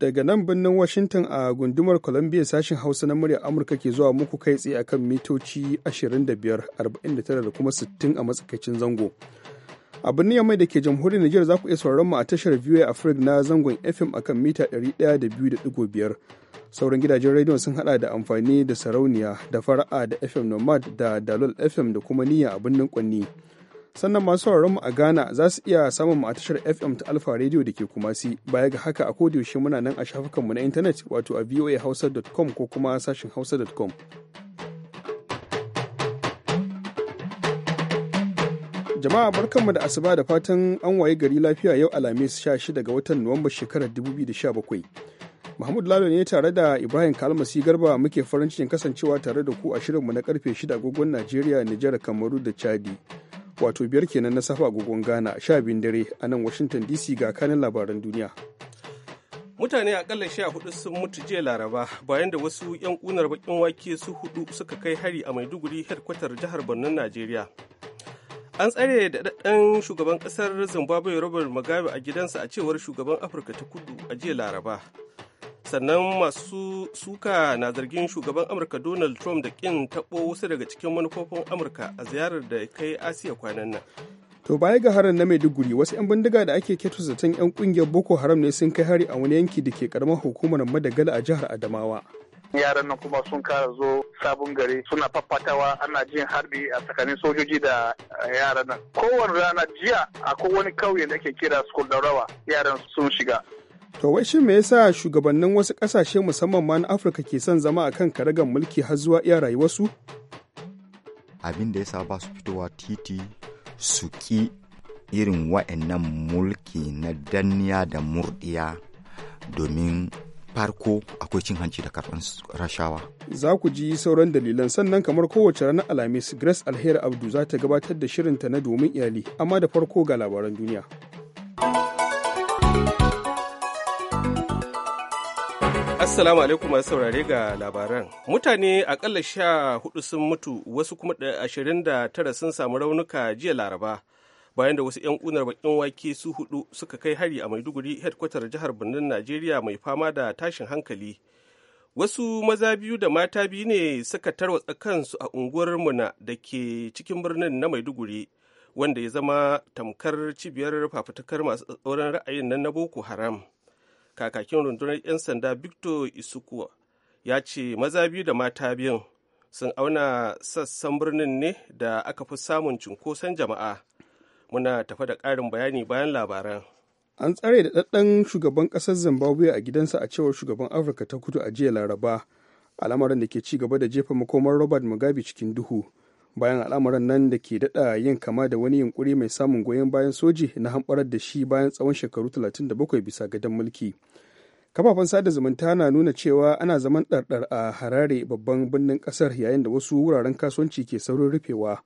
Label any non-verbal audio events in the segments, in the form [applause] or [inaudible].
daga nan birnin Washington a gundumar Columbia sashen Hausa na murya Amurka ke zuwa muku kai tsaye akan mitoci 25, 49 da kuma 60 a matsakaicin zango. A birnin Yamai da ke jamhuriyar Nijar za ku iya sauraron mu a tashar VOA Africa na zangon FM akan mita 102.5. Sauran gidajen rediyon sun hada da amfani da sarauniya da fara'a da FM Nomad da Dalol FM da kuma niyya a birnin Kwanni. sannan masu sauraron mu a Ghana za su iya samun mu a tashar FM ta alpha Radio da ke Kumasi. Baya ga haka a yaushe muna nan a shafukan mu na intanet wato a voahausa.com ko kuma sashin hausa.com. Jama'a barkanmu da asuba da fatan an waye gari lafiya yau Alhamis 16 ga watan Nuwamba shekarar 2017. Muhammadu Lalo ne tare da Ibrahim Kalmasi Garba muke farin cikin kasancewa tare da ku a shirinmu na karfe 6 agogon Najeriya, Nijar, Kamaru da Chadi. wato biyar kenan na safa agogon ghana sha biyun dare a nan washington dc ga kanin labaran duniya mutane akalla sha hudu sun mutu jiya laraba bayan da wasu 'yan kunar bakin wake su hudu suka kai hari a maiduguri headkwatar jihar borno najeriya an tsare da daɗaɗɗen shugaban ƙasar zimbabwe robert mugabe a gidansa a cewar shugaban afirka ta kudu a jiya laraba sannan masu suka na zargin shugaban amurka donald trump da kin tabo wasu daga cikin manufofin amurka a ziyarar da kai asiya kwanan nan to baya ga harin na maiduguri wasu 'yan bindiga da ake keto zaton 'yan kungiyar boko haram ne sun kai hari a wani yanki da ke karamar hukumar madagala a jihar adamawa yaran nan kuma sun kara zo sabon gari suna faffatawa ana jin harbi a tsakanin sojoji da eh, yaran nan kowane rana jiya akwai wani kauye da ake kira rawa yaran sun shiga To wai shi me yasa shugabannin wasu ƙasashe musamman ma na Afirka ke son zama a kan karagar mulki har zuwa iya rayuwarsu? Abin da yasa ba su fitowa titi su ƙi irin wa'annan mulki na danniya da murɗiya domin farko akwai cin hanci da karɓar rashawa. Za ku ji sauran dalilan sannan kamar kowace ranar Alhamis Grace Alheri Abdu za ta gabatar da shirinta na domin iyali amma da farko ga labaran duniya. Assalamu alaikum masu saurare ga labaran. Mutane akalla sha hudu sun mutu wasu kuma ashirin da tara sun samu raunuka jiya laraba bayan da wasu 'yan kunar bakin wake su hudu suka kai hari a Maiduguri headquarter jihar Birnin Najeriya mai fama da tashin hankali. Wasu maza biyu da mata biyu ne suka tarwatsa kansu a unguwar Muna da ke cikin birnin na Maiduguri wanda ya zama tamkar cibiyar fafutukar masu tsoron ra'ayin nan na Boko Haram. kakakin rundunar 'yan sanda victor isukuwa ya ce maza biyu da mata biyun sun auna sassan birnin ne da aka fi samun cunkoson jama'a muna tafa da ƙarin bayani bayan labaran an tsare da ɗaɗɗan shugaban ƙasar zimbabwe a gidansa a cewar shugaban afirka ta kudu a jiya laraba al'amarin da ke ci gaba da jefa makomar robert mugabe cikin duhu bayan al'amuran nan da ke daɗa yin kama da wani yunkuri mai samun goyon bayan soji na hamɓarar da shi bayan tsawon shekaru 37 bisa gadon mulki kafafen sada zumunta na nuna cewa ana zaman ɗarɗar a harare babban birnin ƙasar yayin da wasu wuraren kasuwanci ke saurin rufewa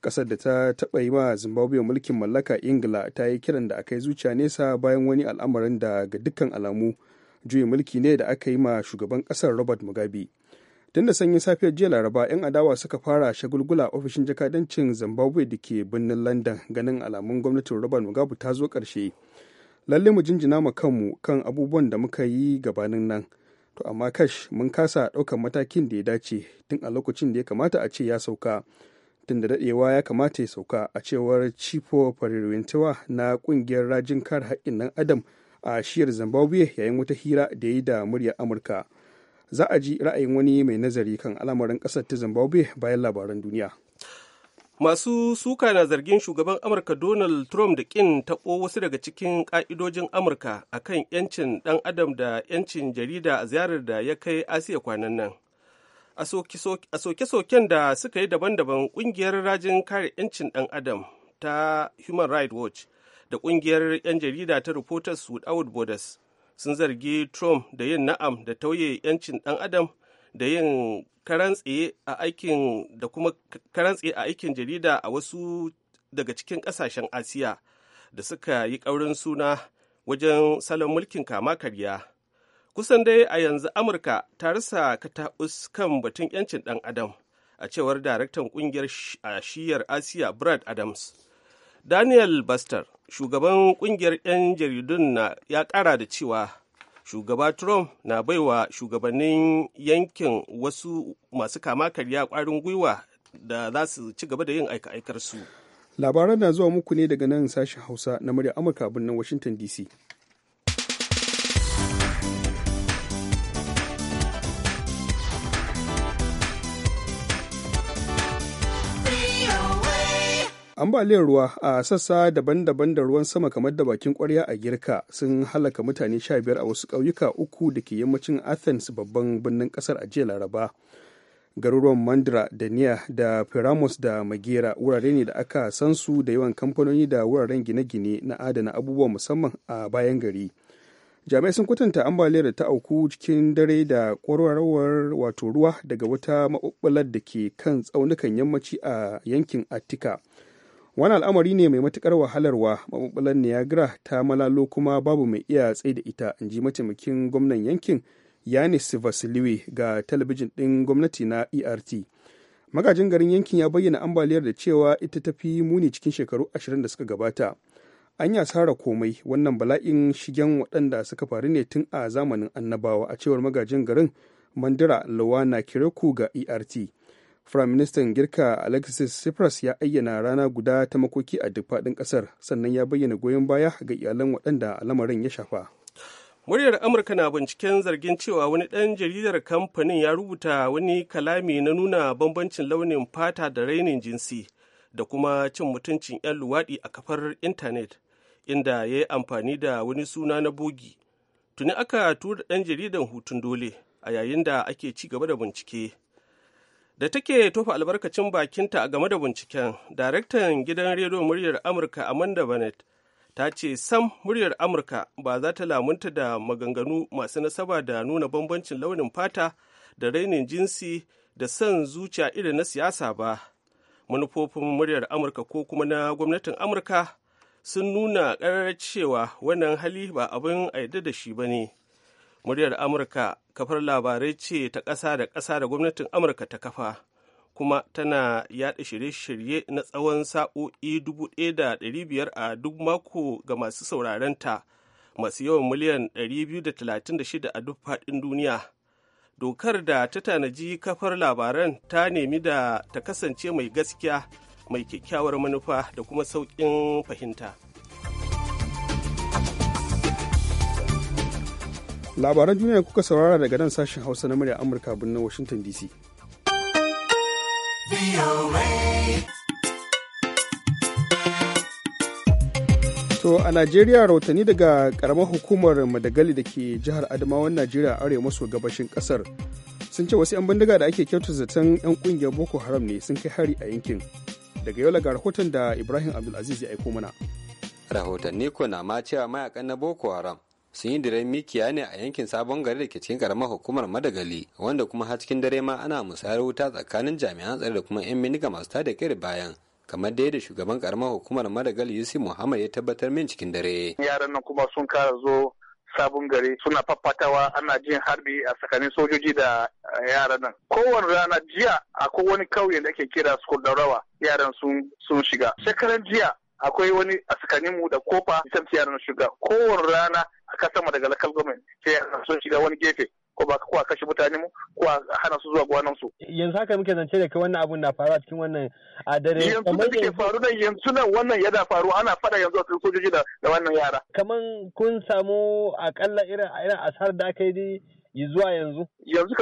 ƙasar da ta taɓa yi ma zimbabwe mulkin mallaka ingila ta yi kiran da aka yi zuciya nesa bayan wani al'amarin da ga dukkan alamu juyin mulki ne da aka yi ma shugaban ƙasar robert mugabe tun da sanyin safiyar jiya laraba 'yan adawa suka fara shagulgula ofishin jakadancin zimbabwe da ke birnin london ganin alamun gwamnatin robert mugabe ta zo karshe lalle mu jinjina ma kanmu kan abubuwan da muka yi gabanin nan to amma kash mun kasa ɗaukar matakin da ya dace tun a lokacin da ya kamata a ce ya sauka tun da daɗewa ya kamata ya sauka a cewar cifo farirwintawa na ƙungiyar rajin kare haƙƙin ɗan adam a shiyar zimbabwe yayin wata hira da ya yi da muryar amurka za a ji ra'ayin wani mai nazari kan al'amarin ƙasar ta zimbabwe bayan labaran duniya masu suka na zargin shugaban amurka donald trump da kin taɓo wasu daga cikin ƙa'idojin amurka akan yancin ɗan adam da yancin jarida a ziyarar da ya kai asiya kwanan nan a soke-soken da suka yi daban-daban ƙungiyar rajin kare yancin ɗan adam ta human rights watch da ƙungiyar 'yan jarida ta reporters without borders sun zargi trump da yin na'am da tauye 'yancin ɗan adam da yin karantse a aikin kuma karantse a aikin jarida a wasu daga cikin ƙasashen asiya da suka yi ƙaurin suna wajen salon mulkin kama karya kusan dai a yanzu amurka ta rasa kataus kan batun 'yancin ɗan adam a cewar daraktan ƙungiyar shiyar asiya brad adams daniel buster shugaban kungiyar 'yan jaridun na ya kara da cewa shugaba trump na baiwa shugabannin yankin wasu masu kama karya kwarin gwiwa da za su ci gaba da yin aika-aikarsu labaran na zuwa muku ne daga nan sashen hausa na murya amurka birnin washinton dc ambaliyar ruwa a sassa daban-daban da ruwan sama kamar da bakin kwarya a girka sun halaka mutane 15 a wasu ƙauyuka uku da ke yammacin athens babban birnin ƙasar a jiya laraba garuruwan mandra da niya da firamos da magera wurare ne da aka san su da yawan kamfanoni da wuraren gine-gine na adana abubuwa musamman a bayan gari jami'ai sun kwatanta ambaliyar da ta auku cikin dare da kwarwarowar wato ruwa daga wata maɓuɓɓular da ke kan tsaunukan yammaci a yankin attika wani al'amari ne mai matukar wahalarwa maɓuɓɓular niagara ta malalo kuma babu mai iya tsaye da ita in ji mataimakin gwamnan yankin yanis vasiliwe ga talabijin ɗin gwamnati na ert magajin garin yankin ya bayyana ambaliyar da cewa ita ta fi muni cikin shekaru ashirin da suka gabata an ya sara komai wannan bala'in shigen waɗanda suka faru ne tun a zamanin annabawa a cewar magajin garin mandira lawana kireku ga ert Firaministan Girka Alexis Tsipras ya ayyana rana guda ta makoki a duk faɗin ƙasar sannan ya bayyana goyon baya ga iyalan waɗanda lamarin ya shafa. Muryar Amurka na binciken zargin cewa wani ɗan jaridar kamfanin ya rubuta wani kalami na nuna bambancin launin fata da rainin jinsi da kuma cin mutuncin 'yan luwaɗi a kafar intanet inda ya yi amfani da wani suna na bogi. Tuni aka tura ɗan jaridan hutun dole a yayin da ake ci gaba da bincike. da take tofa albarkacin bakinta a game da binciken daraktan gidan rediyo muryar amurka amanda bennett ta ce sam muryar amurka ba za ta lamunta da maganganu masu nasaba da nuna bambancin launin fata da rainin jinsi da son zuciya irin na siyasa ba manufofin muryar amurka ko kuma na gwamnatin amurka sun nuna ƙarar cewa wannan hali ba abin aida da shi ba ne muryar amurka kafar labarai ce ta ƙasa da ƙasa da gwamnatin amurka ta kafa kuma tana yada shirye-shirye na tsawon sa'o'i 1,500 a duk mako ga masu saurarenta masu yawan miliyan 236 a duk faɗin duniya dokar da ta tanaji kafar labaran ta nemi da ta kasance mai gaskiya mai kyakkyawar manufa da kuma sauƙin fahimta. labaran duniya kuka saurara daga nan sashen hausa na murya amurka birnin washington dc To a Najeriya rahotanni daga karamar hukumar Madagali da ke jihar Adamawan Najeriya arewa maso gabashin kasar sun ce wasu 'yan bindiga da ake kyautar zaton 'yan kungiyar Boko Haram ne sun kai hari a yankin. Daga yau ga rahoton da Ibrahim Abdulaziz ya aiko mana. Rahotanni ko na ma cewa mayakan na Boko Haram sun yi diren mikiya ne a yankin sabon gari da ke cikin karamar hukumar madagali wanda kuma har cikin dare ma ana musayar wuta tsakanin jami'an tsare da kuma 'yan miniga masu tada kiri bayan kamar da shugaban karamar hukumar madagali yusuf muhammad ya tabbatar min cikin dare yaran nan kuma sun kara zo sabon gari suna faffatawa ana jin harbi a tsakanin sojoji da eh, yaran nan kowane rana jiya akwai wani kauye da ake kira su rawa yaran sun shiga shekaran jiya akwai wani a tsakanin mu da kofa ita ce yaran shiga kowane rana a kasama daga local government sai a sun shiga wani gefe ko ba ko a kashe mutane mu ko a hana su zuwa gwanan su yanzu haka muke zance da kai wannan abun na faruwa cikin wannan a dare yanzu da ke faru nan yanzu nan wannan yana faru ana fada yanzu a sojoji da wannan yara kaman kun samu akalla irin irin asar da aka yi zuwa yanzu yanzu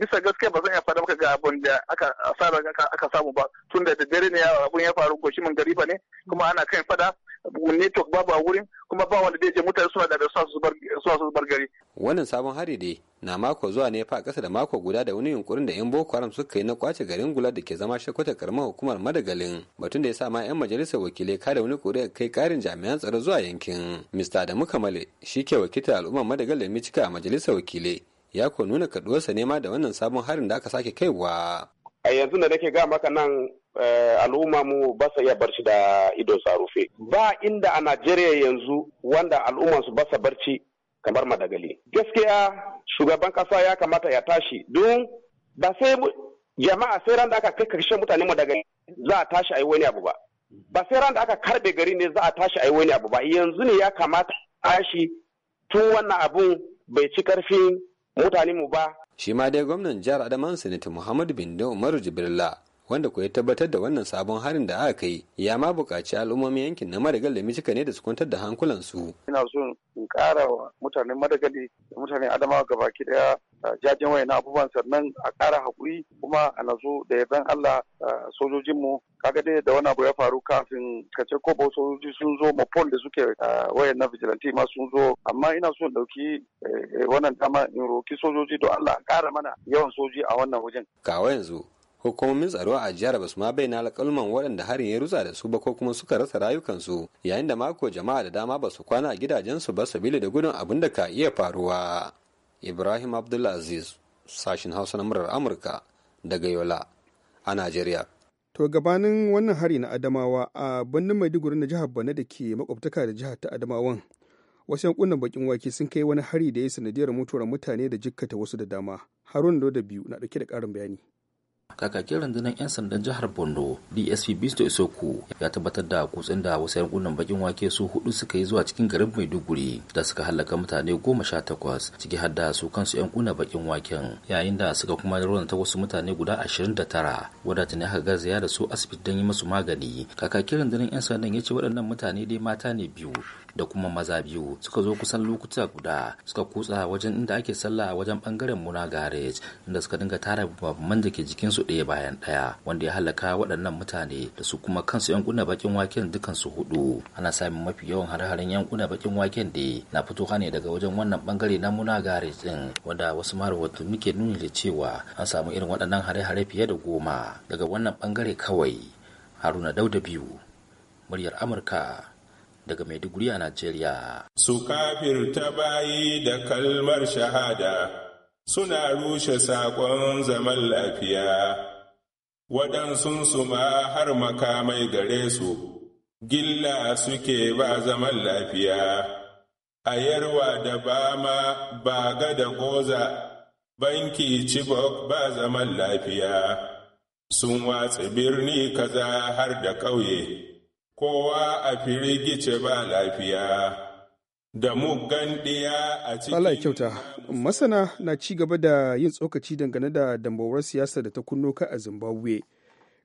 bisa gaskiya ba zan iya faɗa maka ga abun da aka asara aka samu ba tun da dare ne abun ya faru goshi mun gari ba ne kuma ana kai fada network babu a wurin kuma ba wanda zai je mutane suna da suna su bar gari wannan sabon hari dai na mako zuwa ne fa kasa da mako guda da wani yunkurin da yan boko haram suka yi na kwace garin gula da ke zama shakwata karamar hukumar madagalin batun da ya sa ma yan majalisar wakilai kada wani kuri'a kai karin jami'an tsaro zuwa yankin mista da male shi ke wakiltar al'ummar madagalin cika a majalisar wakilai ya ko nuna kaduwarsa nema da wannan sabon harin da aka sake kaiwa. a yanzu da nake ga maka nan eh, al'umma mu ba sa iya barci da idon sa rufe ba inda a Najeriya yanzu wanda al'umma su ba sa barci kamar madagali gaskiya shugaban kasa ya kamata ya tashi don ba sai jama'a sai ran da aka kai karshen mutane madagali za a tashi a yi wani abu ba ba sai ran da aka karbe gari ne za a tashi a yi wani abu ba yanzu ne ya kamata tashi tun wannan abun bai ci karfin mutane mu ba. Shi ma dai gwamnan jihar Adamawa Sanata Muhammadu Bindo Umaru Jibrila wanda ku ya tabbatar da wannan sabon harin da aka kai ya ma buƙaci al'ummomin yankin na madagal da michigan ne da su kwantar da hankulansu. ina so in ƙara wa mutanen madagali da mutanen adamawa gabaki daya jajen wayan abubuwan sannan a ƙara haƙuri kuma a nazo da yaban allah sojojinmu kaga dai da wani abu ya faru kafin kace ko sojoji sun zo mafol da suke wayan na vigilante ma sun zo amma ina so in ɗauki eh, wannan dama in roki sojoji don allah a ƙara mana yawan soji a wannan wajen. kawo yanzu ko kuma min tsaro a jihar basu ma bayyana alƙalman waɗanda harin ya rusa da su ba ko kuma suka rasa rayukansu yayin da mako jama'a da dama ba su kwana a gidajensu ba sabili da gudun abin da ka iya faruwa ibrahim abdulaziz sashin hausa na murar amurka daga yola a najeriya to gabanin wannan hari na adamawa a birnin maiduguri na jihar bana da ke makwabtaka da jihar ta adamawan wasu yankunan bakin wake sun kai wani hari da ya sanadiyar mutuwar mutane da jikkata wasu da dama harun da biyu na dauke da karin bayani kakakin rundunar 'yan sandan jihar borno dsp bisto isoku ya tabbatar da kutsin da wasu yankunan bakin wake su hudu suka yi zuwa cikin garin maiduguri da suka halaka mutane goma sha takwas ciki hadda da su kansu yankuna bakin waken yayin da suka kuma raunata wasu mutane guda ashirin da tara wadata ne aka garzaya da su asibiti don yi masu magani kakakin rundunar 'yan sandan ya ce waɗannan mutane dai mata ne biyu da kuma maza biyu suka zo kusan lokuta guda suka kutsa wajen inda ake sallah a wajen bangaren muna garage inda suka dinga tara babban da ke jikinsu ɗaya bayan ɗaya wanda ya halaka waɗannan mutane da su kuma kansu yan kuna bakin waken dukansu hudu ana samun mafi yawan hare-haren yan kuna bakin waken da na fito ne daga wajen wannan bangare na muna garage din wanda wasu marawatu muke nuni da cewa an samu irin waɗannan hare-hare fiye da goma daga wannan bangare kawai haruna dauda biyu muryar amurka daga Maiduguri a Najeriya. Su kafir ta bayi da kalmar shahada suna rushe saƙon zaman lafiya, waɗansu su ma har makamai gare su, gilla suke ba zaman lafiya, a yarwa da bama baga da goza, banki cibok ba zaman lafiya, sun watsa birni kaza har da ƙauye. kowa a firigice ba lafiya. Da muggan ɗiya a cikin Allah kyauta, masana na ci gaba da yin tsokaci dangane da dambawar siyasa da ta kunno ka a Zimbabwe,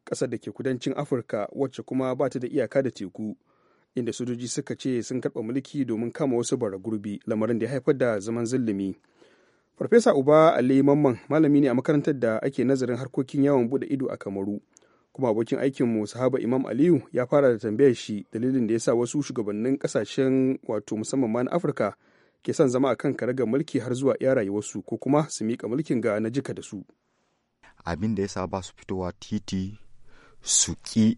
ƙasar da ke kudancin Afirka wacce kuma ba ta da iyaka da teku, inda sojoji suka ce sun karɓa mulki domin kama wasu bara gurbi lamarin da ya haifar da zaman zulumi. Farfesa Uba Ali Mamman malami ne a makarantar da ake nazarin harkokin yawon bude ido a Kamaru. kuma abokin aikin mu sahaba imam aliyu ya fara da tambayar shi dalilin da ya sa wasu shugabannin kasashen wato musamman ma na afirka ke son zama a kan karagar mulki har zuwa iya rayuwarsu ko kuma su miƙa mulkin ga na jika da su abin da ya sa ba su fitowa titi su ƙi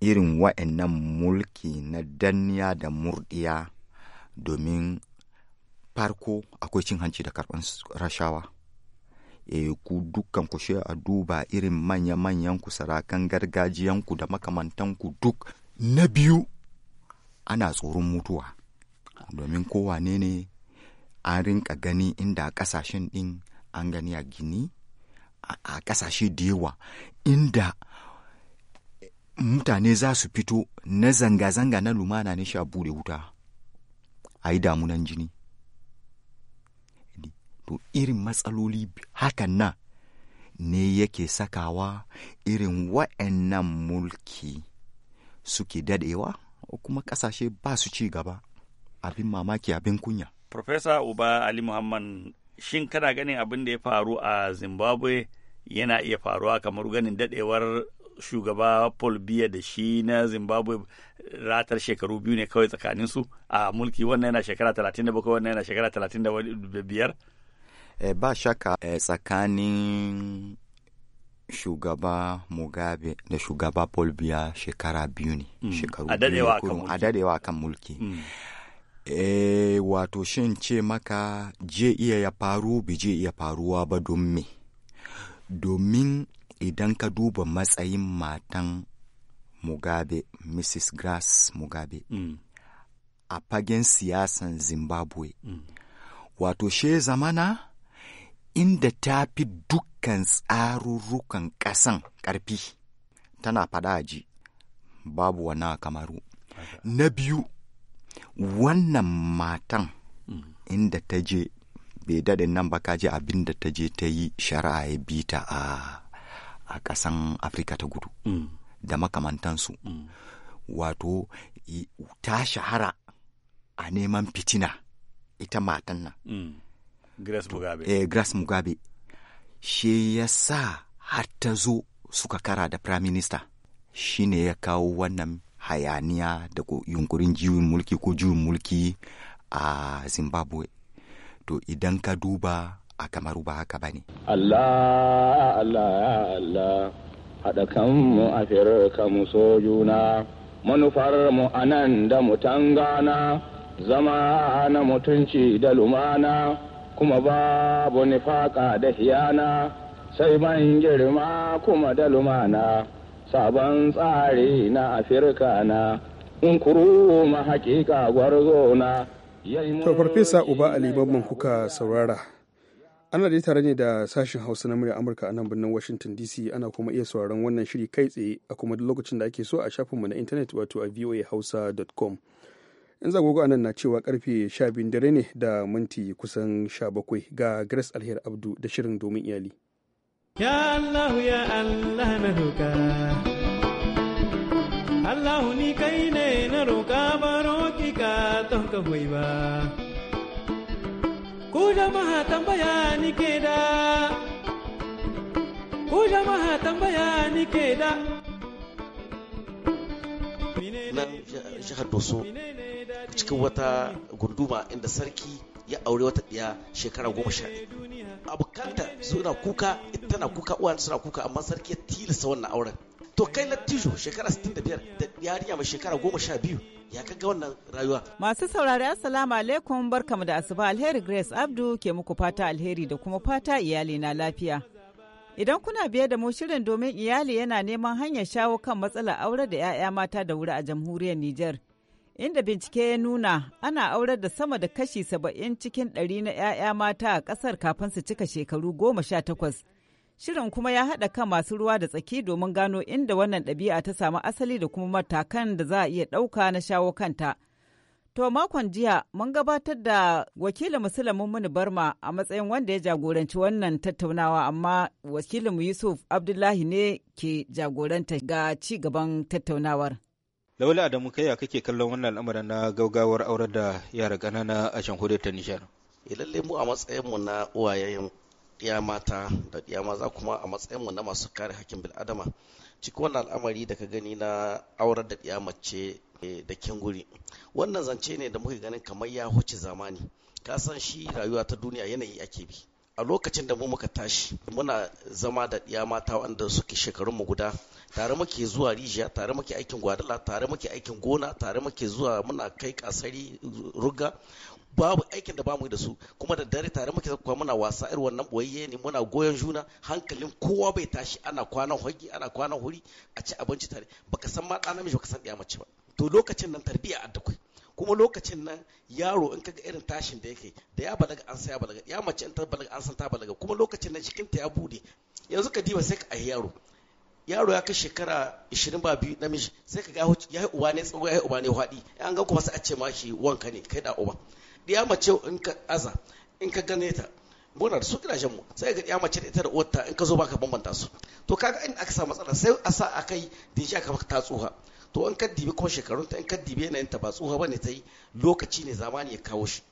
irin wa'annan mulki na danniya da murɗiya domin farko akwai cin hanci da karɓar rashawa Eh, ku dukkan ku a duba irin manya-manyan ku sarakan gargajiyanku da makamantanku duk na biyu ana tsoron mutuwa domin kowane ne an rinka gani inda kasashen ƙasashen ɗin an gani a gini a ƙasashe da yawa inda mutane za su fito na zanga-zanga na lumana ne sha bude wuta a yi damunan jini to irin matsaloli hakan nan ne yake sakawa irin wa'annan mulki suke dadewa kuma kasashe ba su ci gaba abin mamaki abin kunya. Profesa Uba Ali Muhammad shin kana ganin abin da ya faru a Zimbabwe yana iya faruwa kamar ganin dadewar shugaba Paul Biya da shi na Zimbabwe ratar shekaru biyu ne kawai tsakaninsu a mulki wannan yana shekara 37 wannan yana shekara 35 Eh, ba shaka eh, tsakanin shugaba mugabe da shugaba paul biya shekara biyu ne hmm. a dadewa kan mulki e, wato shin ce maka je iya ya faru bi je iya faruwa ba don me domin idan ka duba matsayin matan mugabe mrs grass mugabe hmm. a fagen siyasan zimbabwe wato she zamana inda ta fi dukkan tsarurrukan ƙasan ƙarfi tana faɗa a ji babu wani kamaru na biyu wannan matan inda ta je bai daɗin nan ba kaji abin da ta je ta yi shari'a ya bi ta a ƙasan afirka ta gudu da makamantansu wato ta shahara a neman fitina ita matan nan Grace Mugabe. Eh, Grace Mugabe. Shi ya sa har zo suka kara da Prime Minister. Shi ne ya kawo wannan hayaniya da yunkurin jiwin mulki ko jiwin mulki a Zimbabwe. To idan ka duba a kamaru ba haka ba ne. Allah, Allah, Allah, haɗa kanmu a kanmu so juna, mu a nan da mu tangana, zama na mutunci da lumana. kuma babu nifaka da hiyana sai ban girma kuma da lumana sabon tsari na afirka na ma hakika gwarzo to farfesa uba ali babban kuka saurara ana dai tare ne da sashin hausa na murya amurka a nan birnin washington dc ana kuma iya sauraron wannan shiri kai tsaye a kuma lokacin da ake so a shafinmu na intanet wato a voahausa.com in zagogo anan na cewa karfe 12 dare ne da minti kusan 17 ga grace alher abdu da shirin domin iyali ya allahu ya allah na roka allahu ni kai ne na roka baro ki ka ton ka hoyi ba ku jama'a tambaya ni ke da ku jama'a tambaya ni ke da nan jihar doso cikin wata gunduma inda sarki ya aure wata ɗiya shekara goma sha abokanta suna kuka tana kuka uwa suna kuka amma sarki ya tilasta wannan auren to kai lattijo shekara 65 da yarinya mai shekara goma sha biyu ya kaga wannan rayuwa. Masu saurari assalamu alaikum barkamu da asuba alheri Grace Abdu ke muku fata alheri da kuma fata iyali na lafiya. Idan kuna biye da mu shirin domin iyali yana neman hanyar shawo kan matsalar aure da 'ya'ya mata da wuri a jamhuriyar Nijar. Inda bincike ya nuna ana aurar da sama da kashi saba'in cikin ɗari na 'ya'ya mata a ƙasar kafin su cika shekaru goma sha takwas. Shirin kuma ya haɗa kan masu ruwa da tsaki domin gano inda wannan ɗabi'a ta samu asali da kuma matakan da za a iya ɗauka na shawo kanta. To makon jiya mun gabatar da wakilin Musulmin Muni Barma a matsayin wanda ya jagoranci wannan tattaunawa amma wakilin Yusuf Abdullahi ne ke jagoranta ga ci gaban tattaunawar. Lawali Adamu kai kake kallon wannan al'amarin na gaugawar aurar da yara ƙanana a hudu ta Nijar. Eh, Lalle mu a matsayin mu na uwayen ya mata da ya maza kuma a matsayin mu na masu kare hakkin bil'adama cikin wannan al'amari da ka gani na aurar da ya mace Eh, da guri wannan zance ne da muke ganin kamar ya huce zamani ka san shi rayuwa ta duniya yanayi ake bi a lokacin da mu muka tashi muna zama da ɗiya mata wanda suke shekarun mu guda tare muke zuwa rijiya tare muke aikin gwadala tare muke aikin gona tare muke zuwa muna kai kasari ruga babu aikin da ba mu da su kuma da dare tare muke kuma muna wasa irin wannan boyayye ne muna goyon juna hankalin kowa bai tashi ana kwana hoki ana kwana huri a ci abinci tare baka san ma ɗa namiji baka san ɗiya mace ba to lokacin nan tarbiyya a dakwai kuma lokacin nan yaro in kaga irin tashin da yake da ya balaga an sa ya balaga ya mace in ta balaga an san ta balaga kuma lokacin nan cikin ta ya bude yanzu ka diba sai ka ahi yaro yaro ya kai shekara 20 ba biyu namiji sai ka ga ya yi uba ne tsawo ya yi uba ne hwaɗi an ga kuma sai a ce ma shi wanka ne kai da uba ya mace in ka aza in ka gane ta muna da su gidajen mu sai ga ya mace da ita da uwarta in ka zo baka bambanta su to kaga in aka sa matsala sai a sa a kai da ya aka maka tatsuha to an ka dibi kuma shekarun ta an ka dibi yanayin ta ba tsoha bane ta yi lokaci ne zamani ya kawo shi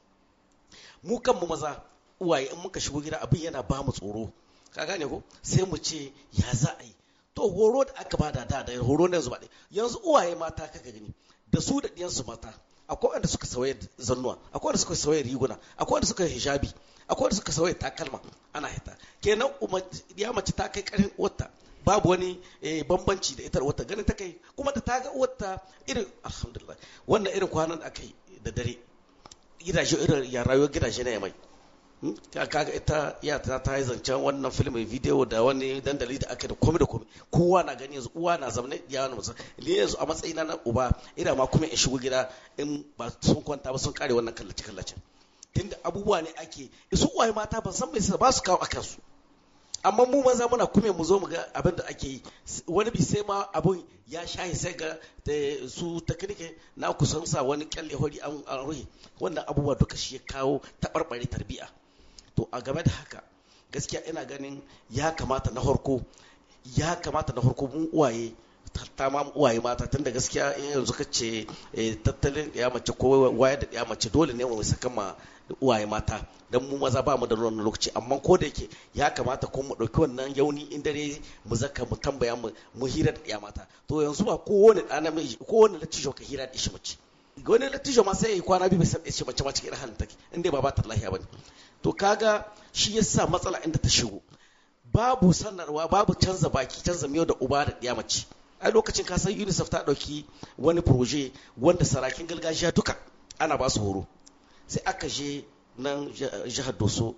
mu kanmu maza uwaye in muka shigo gida abin yana ba mu tsoro ka gane ko sai mu ce ya za a yi to horo da aka ba da da horo na yanzu ba yanzu uwaye mata ka gani da su da diyansu mata akwai wanda suka sauya zannuwa akwai wanda suka sauya riguna akwai wanda suka hijabi akwai wanda suka sauya takalma ana hita kenan ya mace ta kai karin wata babu wani eh, bambanci da ita wata ganin ta kai kuma da ta ga wata irin alhamdulillah wannan irin kwanan da aka yi da dare gidaje irin ya rayuwar gidaje na yamai ta hmm? kaga ita ya ta ta yi zancen wannan film mai video da wani dandali da aka da komi da komi kowa na gani yanzu uwa na zamne ya wani musa. ne yanzu a matsayina na uba ina ma kuma in shigo gida in ba sun kwanta ba sun kare wannan kallace kallace tunda abubuwa ne ake isu uwaye mata ban san bai ba su kawo a kansu amma mu maza muna kume mu zo mu ga abin da ake yi wani bi sai ma abun ya shahi sai ga eh, su takinike na kusan sa wani kyalle hori an ruhe wanda abubuwa duka shi ya kawo taɓarɓare tarbiya to a game da haka gaskiya ina ganin ya kamata na harko ya kamata na harko mun uwaye ta ma uwaye mata tunda gaskiya in yanzu ka ce eh, tattalin ya mace ko wayar da ya mace dole ne mu saka ma uwaye mata dan mu maza ba mu da wannan lokaci amma ko da yake ya kamata ko mu dauki wannan yauni in dare mu zaka mu tambaya mu hira da ya mata to yanzu ba kowane ɗana mai kowane lattijo ka hira da shi mace wani lattijo ma sai ya yi kwana biyu bai san shi mace ma cikin irin hannun take inda ba ba ta lahiya ne to kaga shi ya sa matsala inda ta shigo babu sanarwa babu canza baki canza miyau da uba da ɗiya mace a lokacin ka san unicef ta ɗauki wani proje wanda sarakin gargajiya duka ana ba su horo sai aka je nan jihar doso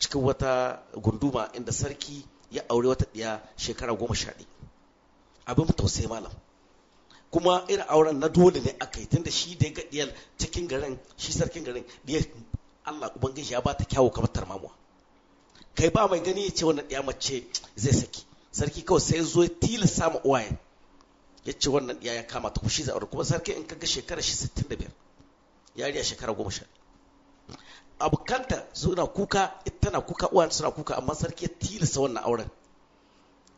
cikin wata gunduma inda sarki ya aure wata ɗiya shekara goma sha ɗaya abin tausayi malam kuma irin auren na dole ne aka yi da shi dai gaɗiyar cikin garin shi sarkin garin diyar Allah ubangiji ya ba ta kyawu kamar tarmamuwa kai ba mai gani ya ce wannan ɗiya mace zai saki sarki kawai sai zo ya tilasa mu uwaye ya ce wannan ya ya kama ta kushi aure kuma sarki in kaga shekara shi 65 yariya shekara goma 10 abokanta suna kuka ita tana kuka uwa suna kuka amma sarki ya tilasa wannan auren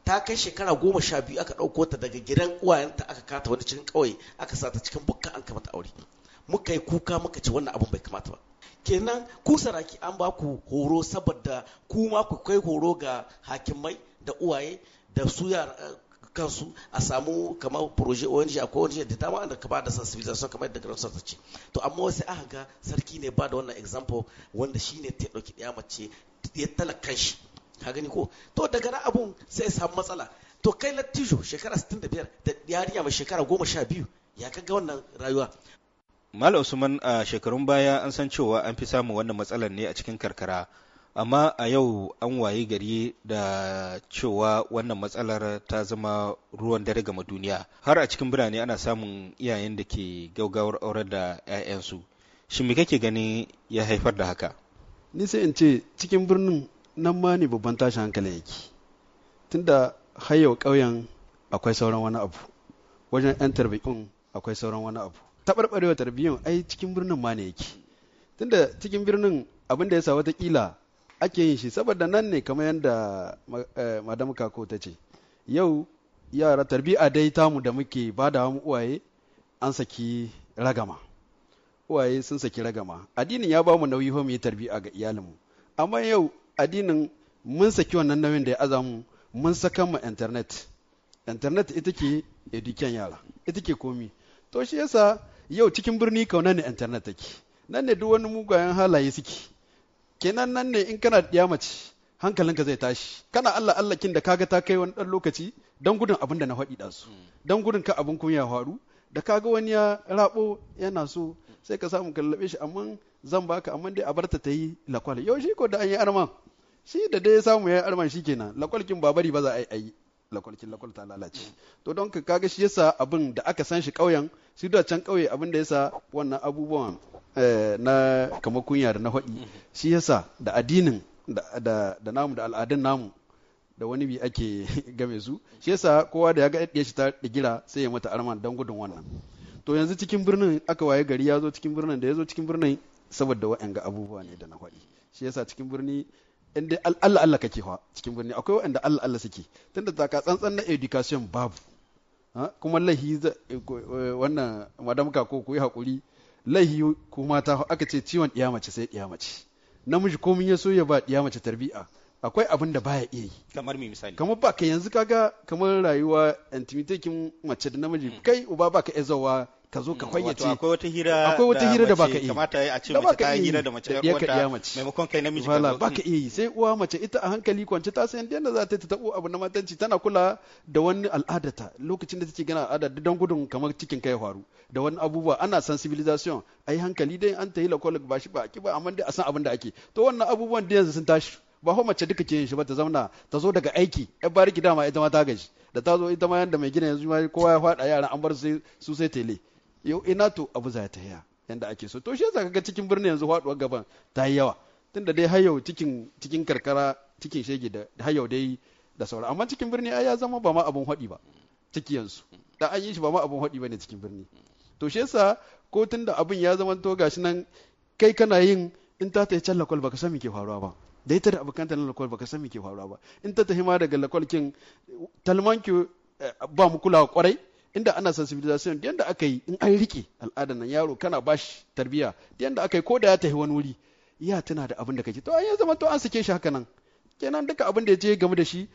ta kai shekara goma sha biyu aka ɗauko ta daga gidan uwayenta aka kata wani cikin ƙauye aka sa ta cikin bukka an kamata aure muka yi kuka muka ce wannan abun bai kamata ba kenan ku saraki an ba ku horo saboda ku ma ku kai horo ga hakimai da uwaye da su yara eh, kansu a samu kamar proje ONG a kowane da dama da kama da sensibilization kamar yadda Grand ta ce to amma wasu aka ga sarki ne ba da wannan example wanda shine ta dauki ɗaya mace ya talakan shi ka gani ko to daga na abun sai ya samu matsala to kai lattijo shekara 65 da yarinya mai shekara 12 ya kaga wannan rayuwa Malam Usman a shekarun baya an san cewa an fi samun wannan matsalar ne a cikin karkara amma a yau an wayi gari da cewa wannan matsalar ta zama ruwan dare gama duniya har a cikin birane ana samun iyayen da ke gaugawar aurar da 'ya'yansu shi me kake gani ya haifar da haka ni sai in ce cikin birnin nan ma ne babban tashin hankalin yake tunda har yau ƙauyen akwai sauran wani abu wajen 'yan tarbiyyun akwai sauran wani abu taɓarɓarewa tarbiyyun ai cikin birnin ma ne yake tunda cikin birnin abin da ya sa watakila ake yin shi saboda nan ne kamar yadda eh, madam kako ta ce yau yara tarbiya dai tamu da muke ba da mu uwaye an saki ragama uwaye sun saki ragama addinin ya ba mu nauyi mu yi tarbiya ga iyalinmu amma yau addinin mun saki wannan nauyin da ya aza mu mun saka mu internet internet ita ke eduken yara ita ke komi to shi yasa yau cikin birni kauna ne internet take nan ne duk wani mugayen halaye suke kenan nan ne in kana ɗiya mace hankalinka zai tashi kana Allah Allah kin da kaga ta kai wani dan lokaci dan gudun abin da na faɗi da su hmm. dan gudun ka abin kunya faru da kaga wani ya rabo yana so sai ka samu kallabe shi amma zan baka amma dai a barta ta yi lakwal yau shi ko da an yi arman shi da dai ya samu ya yi arman shi kenan lakwal kin babari ba za a yi lakwalkin lakwal ta lalace to don ka kaga shi yasa abin da aka san shi ƙauyen shi da can ƙauye abin da yasa wannan abubuwan eh, na kamar kunya da na haɗi shi yasa da addinin da namu da al'adun namu da wani bi ake [laughs] game su shi yasa kowa da ya ga ɗaya shi ta digira sai ya mata arman don gudun wannan to yanzu cikin birnin aka waye gari ya zo cikin birnin da ya zo cikin birnin saboda wa'anga abubuwa ne da na haɗi shi yasa cikin birni inda Allah Allah kake fa cikin birni akwai wanda Allah Allah suke tunda ta ka tsantsan na education babu kuma lahi eh, eh, wannan madam ka ko ku yi hakuri lahi ku mata aka ce ciwon iya mace sai iya mace namiji ko ya so ya ba iya mace tarbiya akwai abin da baya iya yi kamar mi misali kamar ba ka yanzu kaga kamar rayuwa kin mace da namiji hmm. kai uba baka iya zawa ka zo ka mm, fayyace akwai wata hira akwai wata hira da baka iya kamata a ce mace ta hira da mace ya kwata maimakon kai namiji wala baka iya sai uwa mace ita a hankali kwance ta san yadda za ta ta tabo abu na matanci tana kula da wani al'adata lokacin da take gana al'ada dan gudun kamar cikin kai faru da wani abubuwa ana sensibilization ai hankali dai an ta yi lakolik ba shi ba ki ba amma dai a san abin da ake to wannan abubuwan da yanzu sun tashi ba ho mace duka ke yin shi ba ta zauna ta zo daga aiki yan bariki dama ita ma ta gaji da ta zo ita ma yanda mai gina yanzu kowa ya faɗa yaran an bar su sai tele yau ina to abu za ta haya yadda ake so to shi yasa kaga cikin birni yanzu faduwar gaban ta yi yawa tunda dai har cikin cikin karkara cikin shege da har dai da saura amma cikin birni ai ya zama ba ma abun haɗi ba ciki yanzu da an yi shi ba ma abun haɗi bane cikin birni to shi yasa ko tunda abin ya zama to gashi nan kai kana yin in ta ta yi can lakwal baka san me ke faruwa ba da ita da abokanta na lakwal baka san me ke faruwa ba in ta tafi ma daga lakwal kin talmanki eh, ba mu kulawa kwarai inda ana sensibilization da yanda aka yi in an rike al'adar nan yaro kana bashi tarbiya da yanda aka yi ko da ya tafi wani wuri ya tuna da abin da kake to ya zama to an sake shi haka nan kenan duka abin da ya je game da shi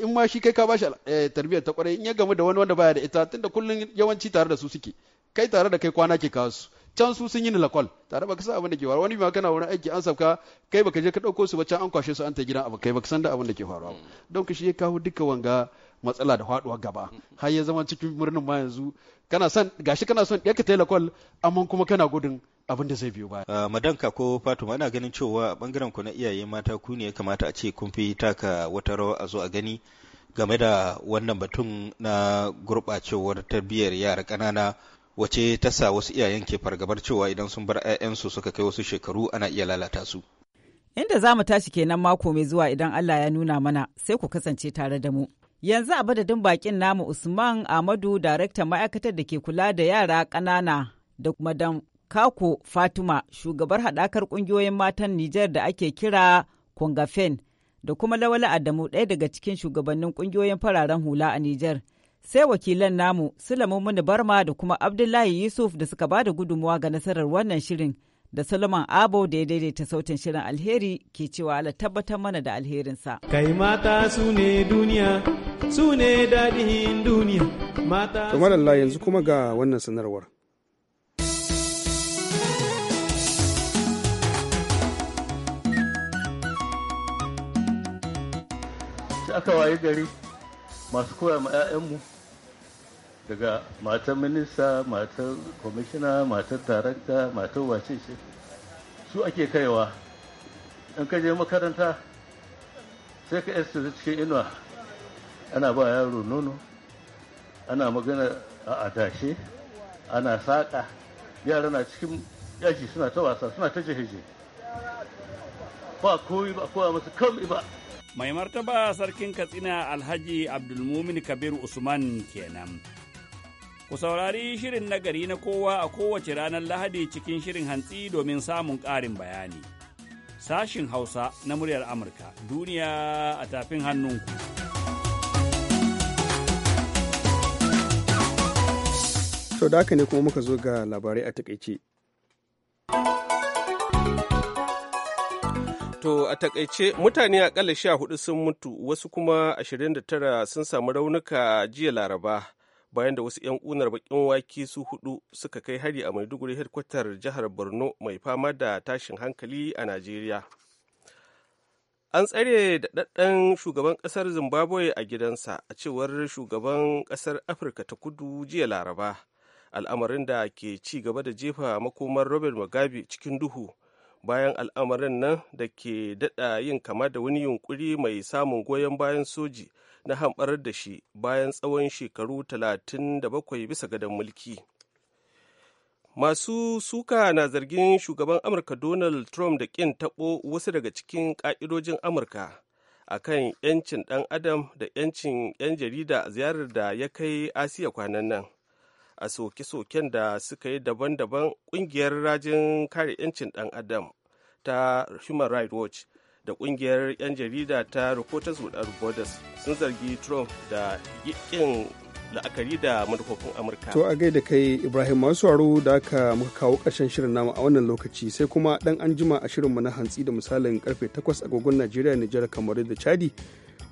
in ma shi kai ka bashi eh, tarbiyyar ta kwarai in ya game da wani wanda baya da ita tunda kullum yawanci tare da su suke kai tare da kai kwana ke kawo su can su sun yi lakwal tare baka san abin da ke faruwa wani ma kana wurin aiki an sauka kai baka je ka dauko su ba can an kwashe su an ta gidan abu kai baka san da abin da ke faruwa mm. don ka shi ya kawo duka wanga matsala da faduwa gaba har ya zama cikin murnin ma yanzu kana son gashi kana son ɗaya ka kwal amma kuma kana gudun abin da zai biyo baya. Uh, madanka ko fatima ana ganin cewa bangaren ku na iyaye mata ku ne ya kamata a ce kun fi taka wata rawa a zo a gani game da wannan batun na gurɓacewar tarbiyyar yara ƙanana wace ta sa wasu iyayen ke fargabar cewa idan sun bar 'ya'yansu suka kai wasu shekaru ana iya lalata su. Inda za mu tashi kenan mako mai zuwa idan Allah ya nuna mana sai ku kasance tare da mu. Yanzu a madadin bakin namu Usman amadu daraktan ma'aikatar da ke kula da yara ƙanana da madam Kako Fatima shugabar haɗakar ƙungiyoyin matan Nijar da ake kira Kongafen da kuma Lawala Adamu ɗaya daga cikin shugabannin ƙungiyoyin fararen hula a Nijar. Sai wakilan namu Sulaiman Barma da kuma Abdullahi Yusuf da suka ba da gudunmuwa ga nasarar wannan shirin. da Solomon Abo da ya daidaita sautin shirin alheri ke cewa Allah tabbatar mana da alherinsa. Kai mata su ne duniya, su ne daɗin duniya, mata. Tumar Allah yanzu kuma ga wannan sanarwar. Aka wayi gari masu koya ma 'ya'yanmu daga matan minista matan kwamishina matan darakta matan wace shi su ake kaiwa in ka je makaranta sai ka yasta ta cikin inuwa ana ba yaro nono ana magana a adashe ana saƙa yara na cikin yaji suna ta wasa suna ta jihe ba koyi ba kowa masu kawai ba mai martaba sarkin katsina alhaji abdulmumin kabiru usman kenan Ku saurari shirin nagari na kowa a kowace ranar Lahadi cikin shirin hantsi domin samun ƙarin bayani. Sashin Hausa na muryar Amurka, duniya a tafin hannunku. To da ka ne kuma muka zo ga labarai a takaice. To a takaice mutane akalla sha hudu sun mutu wasu kuma 29 sun samu raunuka jiya laraba bayan da wasu 'yan unar bakin waki su hudu suka kai hari a maiduguri hedkwatar jihar borno mai fama da tashin hankali a najeriya an tsare daɗaɗɗen shugaban ƙasar zimbabwe a gidansa a cewar shugaban ƙasar afirka ta kudu jiya laraba al'amarin da ke ci gaba da jefa makomar robert mugabe cikin duhu bayan al'amarin nan da ke daɗa yin kama da wani yunkuri mai samun goyon bayan soji na hamɓar da shi bayan tsawon shekaru 37 bisa gadon mulki masu suka na zargin shugaban amurka donald trump da ƙin taɓo wasu daga cikin ƙa'idojin amurka a kan 'yancin ɗan adam da 'yancin 'yan jarida a ziyarar da ya kai asiya kwanan nan a soke-soken da suka yi daban-daban ƙungiyar rajin kare 'yancin ɗan adam ta human rights watch da kungiyar 'yan jarida ta Reporters Without Borders sun zargi Trump da yin la'akari da manufofin Amurka. To a gaida kai Ibrahim masu aro da aka muka kawo ƙarshen shirin nama a wannan lokaci sai kuma dan an jima a shirinmu na hantsi da misalin karfe 8 agogon Najeriya, Nijar, Kamaru da Chadi.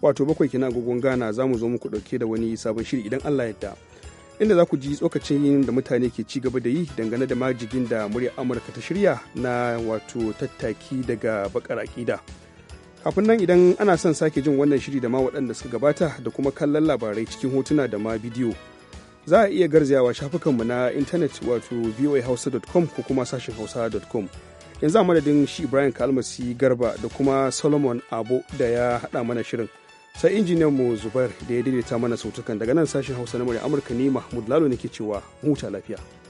Wato bakwai kina agogon Ghana za mu zo muku ɗauke da wani sabon shiri idan Allah ya yarda. inda za ku ji tsokacin yin da mutane ke ci gaba da yi dangane da majigin da murya amurka ta shirya na wato tattaki daga bakar aƙida kafin nan idan ana son sake jin wannan shiri da ma waɗanda suka gabata da kuma kallon labarai cikin hotuna da ma bidiyo za a iya garzayawa shafukanmu na intanet wato voahausa.com ko kuma sashen hausa.com yanzu a madadin shi ibrahim kalmasi garba da kuma solomon abu da ya haɗa mana shirin sai injiniyan mu zubar da ya daidaita mana sautukan daga nan sashen hausa na murya amurka ne mahmud lalo ne ke cewa huta lafiya